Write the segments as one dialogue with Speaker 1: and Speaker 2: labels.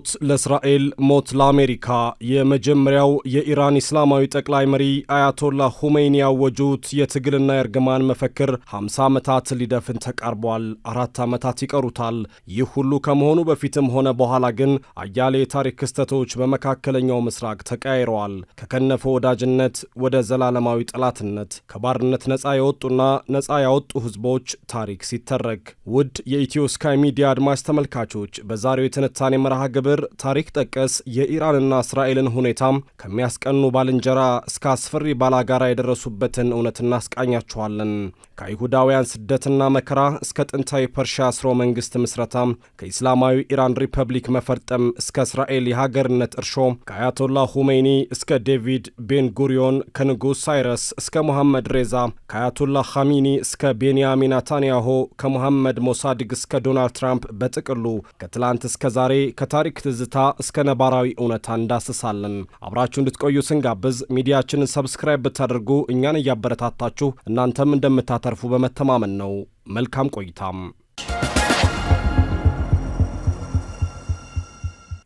Speaker 1: ሞት ለእስራኤል ሞት ለአሜሪካ የመጀመሪያው የኢራን ኢስላማዊ ጠቅላይ መሪ አያቶላ ሁሜይኒ ያወጁት የትግልና የእርግማን መፈክር 50 ዓመታት ሊደፍን ተቃርቧል። አራት ዓመታት ይቀሩታል። ይህ ሁሉ ከመሆኑ በፊትም ሆነ በኋላ ግን አያሌ የታሪክ ክስተቶች በመካከለኛው ምስራቅ ተቀያይረዋል። ከከነፈ ወዳጅነት ወደ ዘላለማዊ ጠላትነት፣ ከባርነት ነፃ የወጡና ነፃ ያወጡ ህዝቦች ታሪክ ሲተረክ ውድ የኢትዮ ስካይ ሚዲያ አድማጭ ተመልካቾች በዛሬው የትንታኔ መርሃ ግብር ትብብር ታሪክ ጠቀስ የኢራንና እስራኤልን ሁኔታ ከሚያስቀኑ ባልንጀራ እስከ አስፈሪ ባላጋራ የደረሱበትን እውነት እናስቃኛችኋለን። ከይሁዳውያን ስደትና መከራ እስከ ጥንታዊ ፐርሺያ ስርወ መንግስት ምስረታ፣ ከኢስላማዊ ኢራን ሪፐብሊክ መፈርጠም እስከ እስራኤል የሀገርነት እርሾ፣ ከአያቶላ ሁሜይኒ እስከ ዴቪድ ቤን ጉሪዮን፣ ከንጉሥ ሳይረስ እስከ መሐመድ ሬዛ፣ ከአያቶላ ኻሚኒ እስከ ቤንያሚን ናታንያሆ፣ ከመሐመድ ሞሳድግ እስከ ዶናልድ ትራምፕ በጥቅሉ ከትላንት እስከ ዛሬ ከታሪክ ትዝታ እስከ ነባራዊ እውነታ እንዳስሳለን። አብራችሁ እንድትቆዩ ስንጋብዝ ሚዲያችንን ሰብስክራይብ ብታደርጉ እኛን እያበረታታችሁ እናንተም እንደምታተርፉ በመተማመን ነው። መልካም ቆይታም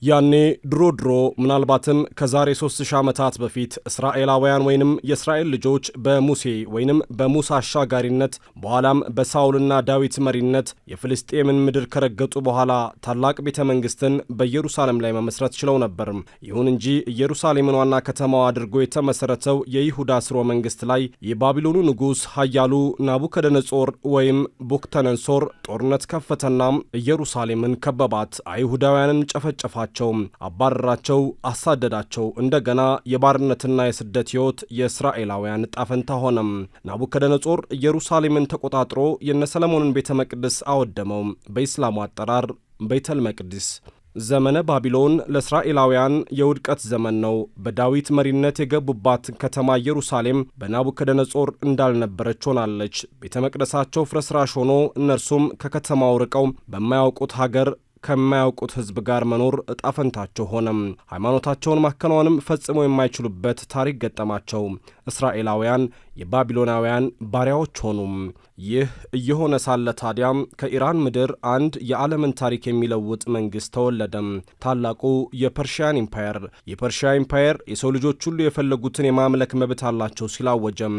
Speaker 1: ያኔ ድሮ ድሮ ምናልባትም ከዛሬ 3000 ዓመታት በፊት እስራኤላውያን ወይንም የእስራኤል ልጆች በሙሴ ወይንም በሙሳ አሻጋሪነት በኋላም በሳውልና ዳዊት መሪነት የፍልስጤምን ምድር ከረገጡ በኋላ ታላቅ ቤተ መንግስትን በኢየሩሳሌም ላይ መመስረት ችለው ነበር። ይሁን እንጂ ኢየሩሳሌምን ዋና ከተማው አድርጎ የተመሰረተው የይሁዳ ስርወ መንግስት ላይ የባቢሎኑ ንጉሥ ኃያሉ ናቡከደነጾር ወይም ቡክተነንሶር ጦርነት ከፈተና ኢየሩሳሌምን ከበባት፣ አይሁዳውያንን ጨፈጨፋቸው አላቸው። አባረራቸው፣ አሳደዳቸው። እንደገና የባርነትና የስደት ሕይወት የእስራኤላውያን ጣፈንታ ሆነም። ናቡከደነጾር ኢየሩሳሌምን ተቆጣጥሮ የነ ሰለሞንን ቤተ መቅደስ አወደመው። በኢስላሙ አጠራር ቤተል መቅዲስ። ዘመነ ባቢሎን ለእስራኤላውያን የውድቀት ዘመን ነው። በዳዊት መሪነት የገቡባት ከተማ ኢየሩሳሌም በናቡከደነጾር እንዳልነበረች ሆናለች። ቤተ መቅደሳቸው ፍርስራሽ ሆኖ እነርሱም ከከተማው ርቀው በማያውቁት ሀገር ከማያውቁት ህዝብ ጋር መኖር እጣፈንታቸው ሆነም። ሃይማኖታቸውን ማከናወንም ፈጽሞ የማይችሉበት ታሪክ ገጠማቸው። እስራኤላውያን የባቢሎናውያን ባሪያዎች ሆኑም። ይህ እየሆነ ሳለ ታዲያም ከኢራን ምድር አንድ የዓለምን ታሪክ የሚለውጥ መንግሥት ተወለደም። ታላቁ የፐርሺያን ኢምፓየር። የፐርሺያ ኢምፓየር የሰው ልጆች ሁሉ የፈለጉትን የማምለክ መብት አላቸው ሲላወጀም፣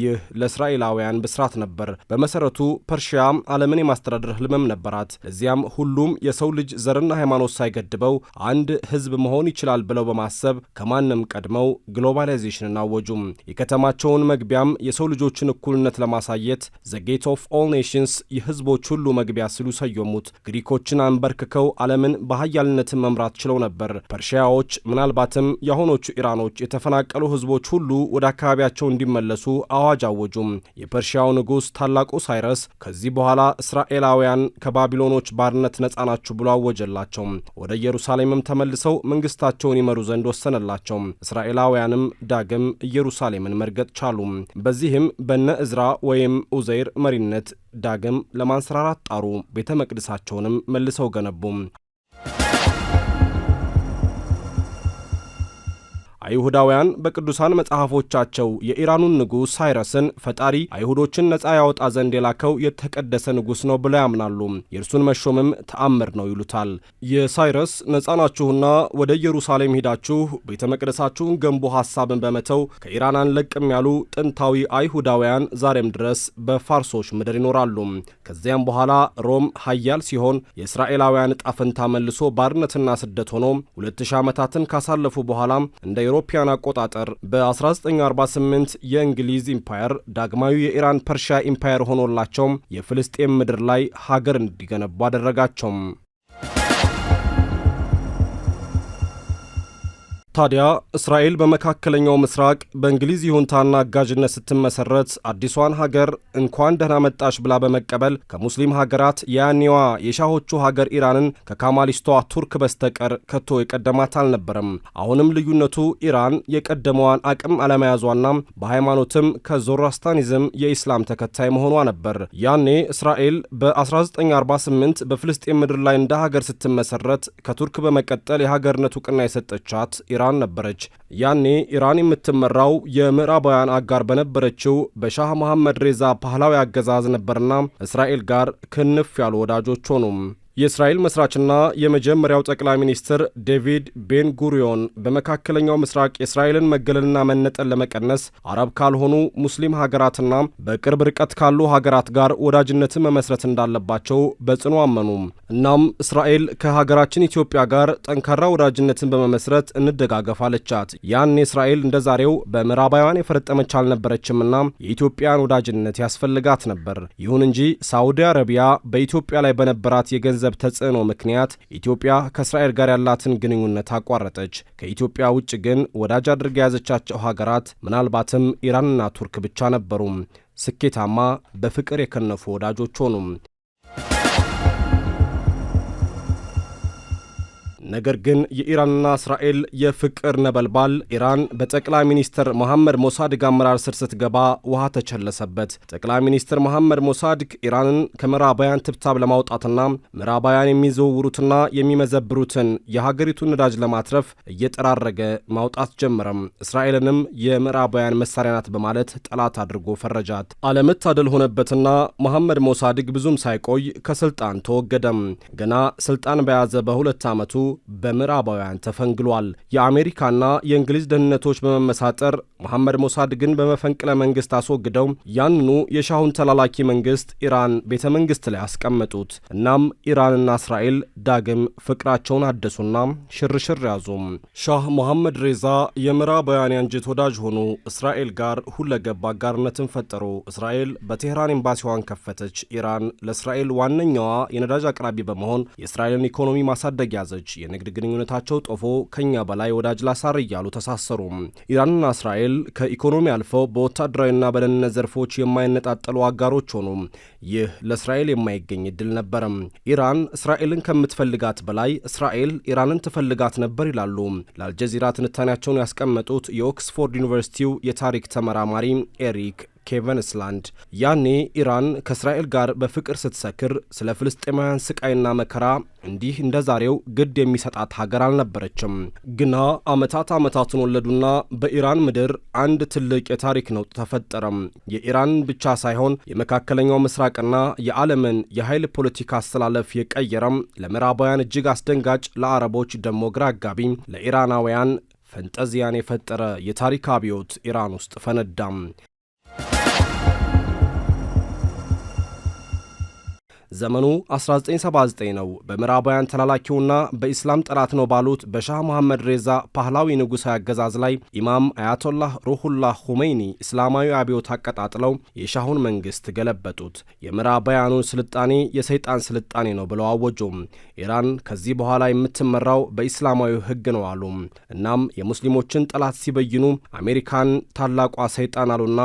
Speaker 1: ይህ ለእስራኤላውያን ብስራት ነበር። በመሰረቱ ፐርሺያ ዓለምን የማስተዳደር ህልምም ነበራት። እዚያም ሁሉም የሰው ልጅ ዘርና ሃይማኖት ሳይገድበው አንድ ህዝብ መሆን ይችላል ብለው በማሰብ ከማንም ቀድመው ግሎባላይዜሽንን አወጁም። የከተማቸውን መግቢያም የሰው ልጆችን እኩልነት ለማሳየት ዘ ጌት ኦፍ ኦል ኔሽንስ የህዝቦች ሁሉ መግቢያ ሲሉ ሰየሙት። ግሪኮችን አንበርክከው ዓለምን በሀያልነት መምራት ችለው ነበር። ፐርሺያዎች፣ ምናልባትም የአሁኖቹ ኢራኖች የተፈናቀሉ ህዝቦች ሁሉ ወደ አካባቢያቸው እንዲመለሱ አዋጅ አወጁም። የፐርሺያው ንጉሥ ታላቁ ሳይረስ ከዚህ በኋላ እስራኤላውያን ከባቢሎኖች ባርነት ነጻ ናችሁ ብሎ አወጀላቸው። ወደ ኢየሩሳሌምም ተመልሰው መንግስታቸውን ይመሩ ዘንድ ወሰነላቸው። እስራኤላውያንም ዳግም ኢየሩሳሌም ኢየሩሳሌምን መርገጥ ቻሉ። በዚህም በነ እዝራ ወይም ኡዘይር መሪነት ዳግም ለማንሰራራት ጣሩ። ቤተ መቅደሳቸውንም መልሰው ገነቡ። አይሁዳውያን በቅዱሳን መጽሐፎቻቸው የኢራኑን ንጉሥ ሳይረስን ፈጣሪ አይሁዶችን ነፃ ያወጣ ዘንድ የላከው የተቀደሰ ንጉሥ ነው ብለው ያምናሉ። የእርሱን መሾምም ተአምር ነው ይሉታል። የሳይረስ ነጻ ናችሁና ወደ ኢየሩሳሌም ሂዳችሁ ቤተ መቅደሳችሁን ገንቦ ሐሳብን በመተው ከኢራን አንለቅም ያሉ ጥንታዊ አይሁዳውያን ዛሬም ድረስ በፋርሶች ምድር ይኖራሉ። ከዚያም በኋላ ሮም ሀያል ሲሆን የእስራኤላውያን ዕጣ ፈንታ መልሶ ባርነትና ስደት ሆኖ ሺህ ዓመታትን ካሳለፉ በኋላ እንደ አውሮፓውያን አቆጣጠር በ1948 የእንግሊዝ ኢምፓየር ዳግማዊ የኢራን ፐርሺያ ኢምፓየር ሆኖላቸውም የፍልስጤም ምድር ላይ ሀገር እንዲገነቡ አደረጋቸውም። ታዲያ እስራኤል በመካከለኛው ምስራቅ በእንግሊዝ ይሁንታና አጋዥነት ስትመሰረት አዲሷን ሀገር እንኳን ደህና መጣሽ ብላ በመቀበል ከሙስሊም ሀገራት የያኔዋ የሻሆቹ ሀገር ኢራንን ከካማሊስቷ ቱርክ በስተቀር ከቶ የቀደማት አልነበረም። አሁንም ልዩነቱ ኢራን የቀደመዋን አቅም አለመያዟና በሃይማኖትም ከዞራስታኒዝም የኢስላም ተከታይ መሆኗ ነበር። ያኔ እስራኤል በ1948 በፍልስጤን ምድር ላይ እንደ ሀገር ስትመሰረት ከቱርክ በመቀጠል የሀገርነት እውቅና የሰጠቻት ኢራን ኢራን ነበረች። ያኔ ኢራን የምትመራው የምዕራባውያን አጋር በነበረችው በሻህ መሐመድ ሬዛ ፓህላዊ አገዛዝ ነበርና እስራኤል ጋር ክንፍ ያሉ ወዳጆች ሆኑም። የእስራኤል መስራችና የመጀመሪያው ጠቅላይ ሚኒስትር ዴቪድ ቤን ጉሪዮን በመካከለኛው ምስራቅ የእስራኤልን መገለልና መነጠል ለመቀነስ አረብ ካልሆኑ ሙስሊም ሀገራትና በቅርብ ርቀት ካሉ ሀገራት ጋር ወዳጅነትን መመስረት እንዳለባቸው በጽኑ አመኑ። እናም እስራኤል ከሀገራችን ኢትዮጵያ ጋር ጠንካራ ወዳጅነትን በመመስረት እንደጋገፍ አለቻት። ያን እስራኤል እንደ ዛሬው በምዕራባውያን የፈረጠመች አልነበረችምና የኢትዮጵያን ወዳጅነት ያስፈልጋት ነበር። ይሁን እንጂ ሳውዲ አረቢያ በኢትዮጵያ ላይ በነበራት የገንዘብ ገንዘብ ተጽዕኖ ምክንያት ኢትዮጵያ ከእስራኤል ጋር ያላትን ግንኙነት አቋረጠች። ከኢትዮጵያ ውጭ ግን ወዳጅ አድርጋ የያዘቻቸው ሀገራት ምናልባትም ኢራንና ቱርክ ብቻ ነበሩም። ስኬታማ በፍቅር የከነፉ ወዳጆች ሆኑም። ነገር ግን የኢራንና እስራኤል የፍቅር ነበልባል ኢራን በጠቅላይ ሚኒስትር መሐመድ ሞሳድግ አመራር ስር ስትገባ ውሃ ተቸለሰበት። ጠቅላይ ሚኒስትር መሐመድ ሞሳድግ ኢራንን ከምዕራባውያን ትብታብ ለማውጣትና ምዕራባውያን የሚዘውውሩትና የሚመዘብሩትን የሀገሪቱን ነዳጅ ለማትረፍ እየጠራረገ ማውጣት ጀመረም። እስራኤልንም የምዕራባውያን መሳሪያ ናት በማለት ጠላት አድርጎ ፈረጃት። አለመታደል ሆነበትና መሐመድ ሞሳድግ ብዙም ሳይቆይ ከስልጣን ተወገደም። ገና ስልጣን በያዘ በሁለት ዓመቱ በምዕራባውያን ተፈንግሏል። የአሜሪካና የእንግሊዝ ደህንነቶች በመመሳጠር መሐመድ ሞሳድ ግን በመፈንቅለ መንግስት አስወግደው ያንኑ የሻሁን ተላላኪ መንግስት ኢራን ቤተ መንግስት ላይ አስቀመጡት። እናም ኢራንና እስራኤል ዳግም ፍቅራቸውን አደሱና ሽርሽር ያዙ። ሻህ መሐመድ ሬዛ የምዕራባውያን የአንጀት ወዳጅ ሆኑ። እስራኤል ጋር ሁለገብ አጋርነትን ፈጠሩ። እስራኤል በቴህራን ኤምባሲዋን ከፈተች። ኢራን ለእስራኤል ዋነኛዋ የነዳጅ አቅራቢ በመሆን የእስራኤልን ኢኮኖሚ ማሳደግ ያዘች። የንግድ ግንኙነታቸው ጦፎ ከኛ በላይ ወዳጅ ላሳር እያሉ ተሳሰሩ። ኢራንና እስራኤል እስራኤል ከኢኮኖሚ አልፈው በወታደራዊና በደህንነት ዘርፎች የማይነጣጠሉ አጋሮች ሆኑ። ይህ ለእስራኤል የማይገኝ እድል ነበረም። ኢራን እስራኤልን ከምትፈልጋት በላይ እስራኤል ኢራንን ትፈልጋት ነበር ይላሉ ለአልጀዚራ ትንታኔያቸውን ያስቀመጡት የኦክስፎርድ ዩኒቨርሲቲው የታሪክ ተመራማሪ ኤሪክ ኬቨን ስላንድ ያኔ ኢራን ከእስራኤል ጋር በፍቅር ስትሰክር ስለ ፍልስጤማውያን ስቃይና መከራ እንዲህ እንደ ዛሬው ግድ የሚሰጣት ሀገር አልነበረችም። ግና አመታት አመታትን ወለዱና በኢራን ምድር አንድ ትልቅ የታሪክ ነውጥ ተፈጠረም። የኢራን ብቻ ሳይሆን የመካከለኛው ምስራቅና የዓለምን የኃይል ፖለቲካ አስተላለፍ የቀየረም ለምዕራባውያን እጅግ አስደንጋጭ፣ ለአረቦች ደሞ ግራ አጋቢ፣ ለኢራናውያን ፈንጠዚያን የፈጠረ የታሪክ አብዮት ኢራን ውስጥ ፈነዳም። ዘመኑ 1979 ነው። በምዕራባውያን ተላላኪውና በኢስላም ጠላት ነው ባሉት በሻህ መሐመድ ሬዛ ባህላዊ ንጉሣዊ አገዛዝ ላይ ኢማም አያቶላህ ሩሁላህ ሁመይኒ እስላማዊ አብዮት አቀጣጥለው የሻሁን መንግስት ገለበጡት። የምዕራባውያኑን ስልጣኔ የሰይጣን ስልጣኔ ነው ብለው አወጁም። ኢራን ከዚህ በኋላ የምትመራው በኢስላማዊ ህግ ነው አሉ። እናም የሙስሊሞችን ጠላት ሲበይኑ አሜሪካን ታላቋ ሰይጣን አሉና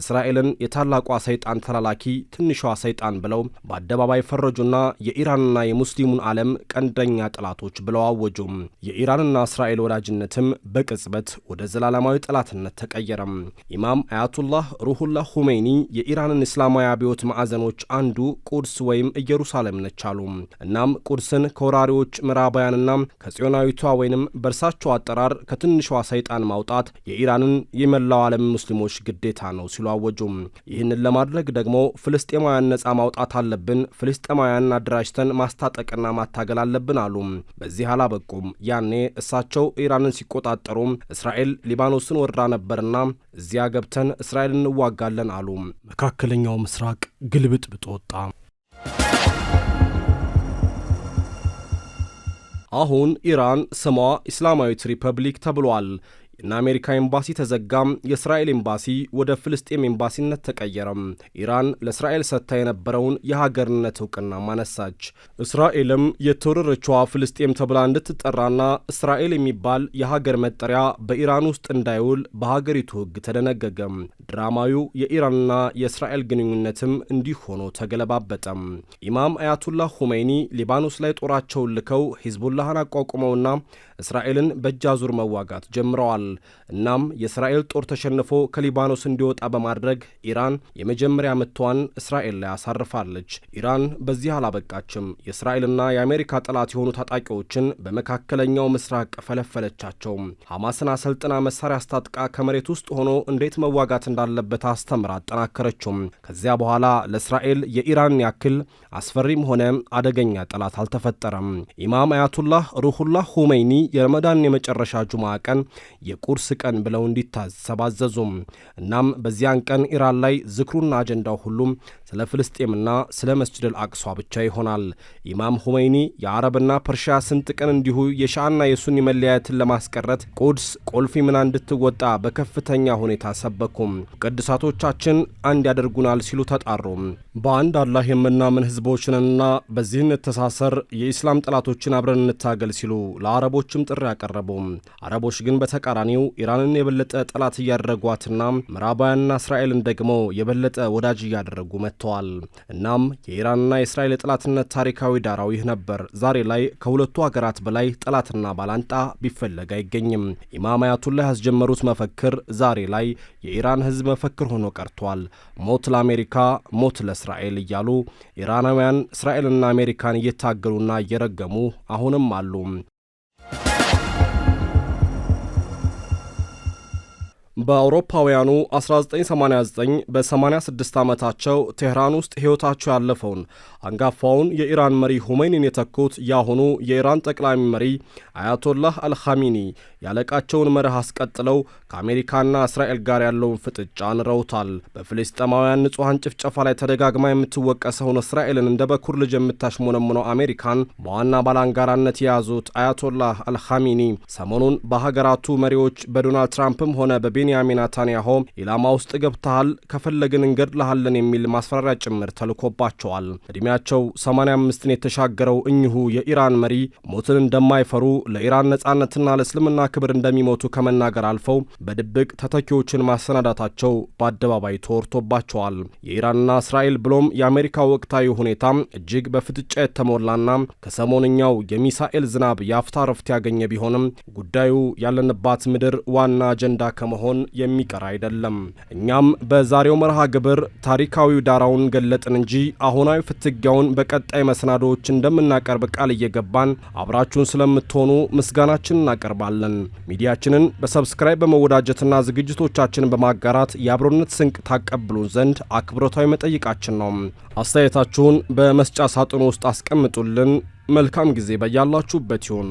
Speaker 1: እስራኤልን የታላቋ ሰይጣን ተላላኪ ትንሿ ሰይጣን ብለው በአደባ በአደባባይ ፈረጁና የኢራንና የሙስሊሙን ዓለም ቀንደኛ ጠላቶች ብለው አወጁ። የኢራንና እስራኤል ወዳጅነትም በቅጽበት ወደ ዘላለማዊ ጠላትነት ተቀየረም። ኢማም አያቱላህ ሩሁላህ ሁሜኒ የኢራንን እስላማዊ አብዮት ማዕዘኖች አንዱ ቁድስ ወይም ኢየሩሳሌም ነች አሉ። እናም ቁድስን ከወራሪዎች ምዕራባውያንና ከጽዮናዊቷ ወይንም በእርሳቸው አጠራር ከትንሿ ሰይጣን ማውጣት የኢራንን የመላው ዓለም ሙስሊሞች ግዴታ ነው ሲሉ አወጁ። ይህንን ለማድረግ ደግሞ ፍልስጤማውያን ነጻ ማውጣት አለብን፣ ፍልስጤማውያንን አደራጅተን ማስታጠቅና ማታገል አለብን አሉ። በዚህ አላበቁም። ያኔ እሳቸው ኢራንን ሲቆጣጠሩ እስራኤል ሊባኖስን ወርዳ ነበርና እዚያ ገብተን እስራኤል እንዋጋለን አሉ። መካከለኛው ምስራቅ ግልብጥብጥ ወጣ። አሁን ኢራን ስሟ ኢስላማዊት ሪፐብሊክ ተብሏል። አሜሪካ ኤምባሲ ተዘጋም። የእስራኤል ኤምባሲ ወደ ፍልስጤም ኤምባሲነት ተቀየረም። ኢራን ለእስራኤል ሰጥታ የነበረውን የሀገርነት እውቅና ማነሳች። እስራኤልም የተወረረችዋ ፍልስጤም ተብላ እንድትጠራና እስራኤል የሚባል የሀገር መጠሪያ በኢራን ውስጥ እንዳይውል በሀገሪቱ ሕግ ተደነገገም። ድራማዊ የኢራንና የእስራኤል ግንኙነትም እንዲህ ሆኖ ተገለባበጠም። ኢማም አያቱላህ ሁመይኒ ሊባኖስ ላይ ጦራቸውን ልከው ሂዝቡላህን አቋቁመውና እስራኤልን በእጅ አዙር መዋጋት ጀምረዋል። እናም የእስራኤል ጦር ተሸንፎ ከሊባኖስ እንዲወጣ በማድረግ ኢራን የመጀመሪያ ምቷን እስራኤል ላይ አሳርፋለች። ኢራን በዚህ አላበቃችም። የእስራኤልና የአሜሪካ ጠላት የሆኑ ታጣቂዎችን በመካከለኛው ምስራቅ ፈለፈለቻቸው። ሐማስን አሰልጥና መሳሪያ አስታጥቃ ከመሬት ውስጥ ሆኖ እንዴት መዋጋት እንዳለበት አስተምራ አጠናከረችውም ከዚያ በኋላ ለእስራኤል የኢራን ያክል አስፈሪም ሆነ አደገኛ ጠላት አልተፈጠረም። ኢማም አያቱላህ ሩሁላህ ሁመይኒ የረመዳን የመጨረሻ ጁማ ቀን የቁርስ ቀን ብለው እንዲታሰብ አዘዙም። እናም በዚያን ቀን ኢራን ላይ ዝክሩና አጀንዳው ሁሉም ስለ ፍልስጤምና ስለ መስጅደል አቅሷ ብቻ ይሆናል። ኢማም ሁመይኒ የአረብና ፐርሺያ ቀን እንዲሁ የሻአና የሱኒ መለያየትን ለማስቀረት ቁድስ ቆልፊ ሚና እንድትወጣ በከፍተኛ ሁኔታ ሰበኩም። ቅድሳቶቻችን አንድ ያደርጉናል ሲሉ ተጣሩ። በአንድ አላህ የምናምን ህዝቦችንና በዚህ እንተሳሰር፣ የኢስላም ጠላቶችን አብረን እንታገል ሲሉ ለአረቦችም ጥሪ አቀረቡ። አረቦች ግን በተቃራኒ በተቃራኒው ኢራንን የበለጠ ጠላት እያደረጓትና ምዕራባውያንና እስራኤልን ደግሞ የበለጠ ወዳጅ እያደረጉ መጥተዋል። እናም የኢራንና የእስራኤል የጠላትነት ታሪካዊ ዳራው ይህ ነበር። ዛሬ ላይ ከሁለቱ ሀገራት በላይ ጠላትና ባላንጣ ቢፈለግ አይገኝም። ኢማማያቱን ላይ ያስጀመሩት መፈክር ዛሬ ላይ የኢራን ህዝብ መፈክር ሆኖ ቀርቷል። ሞት ለአሜሪካ፣ ሞት ለእስራኤል እያሉ ኢራናውያን እስራኤልና አሜሪካን እየታገሉና እየረገሙ አሁንም አሉ። በአውሮፓውያኑ 1989 በ86 ዓመታቸው ቴህራን ውስጥ ሕይወታቸው ያለፈውን አንጋፋውን የኢራን መሪ ሁሜኒን የተኩት የአሁኑ የኢራን ጠቅላይ መሪ አያቶላህ አልኻሚኒ ያለቃቸውን መርህ አስቀጥለው ከአሜሪካና እስራኤል ጋር ያለውን ፍጥጫ ንረውታል። በፍልስጤማውያን ንጹሐን ጭፍጨፋ ላይ ተደጋግማ የምትወቀሰውን እስራኤልን እንደ በኩር ልጅ የምታሽሞነምነው አሜሪካን በዋና ባላንጋራነት የያዙት አያቶላህ አልኻሚኒ ሰሞኑን በሀገራቱ መሪዎች በዶናልድ ትራምፕም ሆነ በቤ ቤንያሚን ናታንያሆ ኢላማ ውስጥ ገብተሃል፣ ከፈለግን እንገድልሃለን የሚል ማስፈራሪያ ጭምር ተልኮባቸዋል። ዕድሜያቸው 85ን የተሻገረው እኚሁ የኢራን መሪ ሞትን እንደማይፈሩ ለኢራን ነጻነትና ለእስልምና ክብር እንደሚሞቱ ከመናገር አልፈው በድብቅ ተተኪዎችን ማሰናዳታቸው በአደባባይ ተወርቶባቸዋል። የኢራንና እስራኤል ብሎም የአሜሪካ ወቅታዊ ሁኔታ እጅግ በፍጥጫ የተሞላና ከሰሞንኛው የሚሳኤል ዝናብ የአፍታ ረፍት ያገኘ ቢሆንም ጉዳዩ ያለንባት ምድር ዋና አጀንዳ ከመሆን ሳይሆን የሚቀር አይደለም። እኛም በዛሬው መርሃ ግብር ታሪካዊ ዳራውን ገለጥን እንጂ አሁናዊ ፍትጊያውን በቀጣይ መሰናዶዎች እንደምናቀርብ ቃል እየገባን አብራችሁን ስለምትሆኑ ምስጋናችን እናቀርባለን። ሚዲያችንን በሰብስክራይብ በመወዳጀትና ዝግጅቶቻችንን በማጋራት የአብሮነት ስንቅ ታቀብሉን ዘንድ አክብሮታዊ መጠይቃችን ነው። አስተያየታችሁን በመስጫ ሳጥኑ ውስጥ አስቀምጡልን። መልካም ጊዜ በያላችሁበት ይሁን።